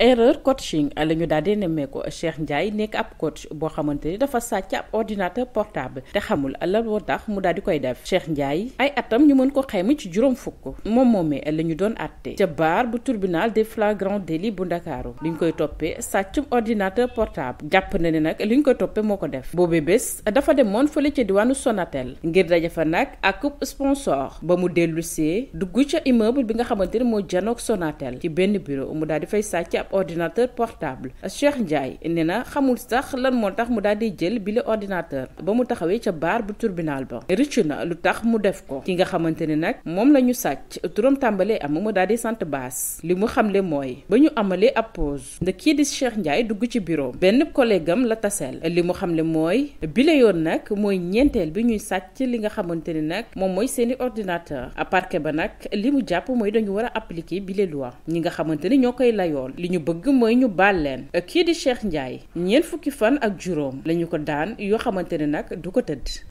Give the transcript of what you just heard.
erreur coaching la ñu daal di nemmeeku Cheikh Ndiaye nekk ab coach boo xamante ni dafa sàcc ab ordinateur portable te xamul la moo tax mu daal di koy def Cheikh Ndiaye ay atam ñu mën ko xayma ci juróom fukk moom moomee la ñu doon àtte ca baar bu tribunal des flagrants délits bu ndakaaru li ñu koy toppee sàccum ordinateur portable jàpp na ne nag li ñu koy toppee moo ko def boobee bés dafa demoon fële ca diwaanu Sonatel ngir daje fa nag ak sponsor ba mu dellusee dugg ca immeuble bi nga xamante ni moo janook Sonatel ci benn bureau mu daal di fay sàcc ordinateur portable Cheikh Ndiaye nee na xamul sax lan moo tax mu daal di jël bile ordinateur ba mu taxawee ca baar bu turbinal ba rëccu na lu tax mu def ko ki nga xamante ne nag moom la ñu sàcc turam tàmbalee am mu daal di sant baas li mu xamle mooy ba ñu amalee ab pause kii di Cheikh Ndiaye dugg ci bureau benn collègue la taseel li mu xamle mooy bile yoon nag mooy ñeenteel bi ñuy sàcc li nga xamante ne nag moom mooy seeni ordinateur parquet ba nag li mu jàpp mooy dañu war a appliquer bile loi ñi nga xamante ni ñoo koy layoon li ñu bëgg mooy ñu baal leen kii di Cheikh Ndiaye ñeent fukki fan ak juróom lañu ko daan yoo xamante ne nag du ko tëdd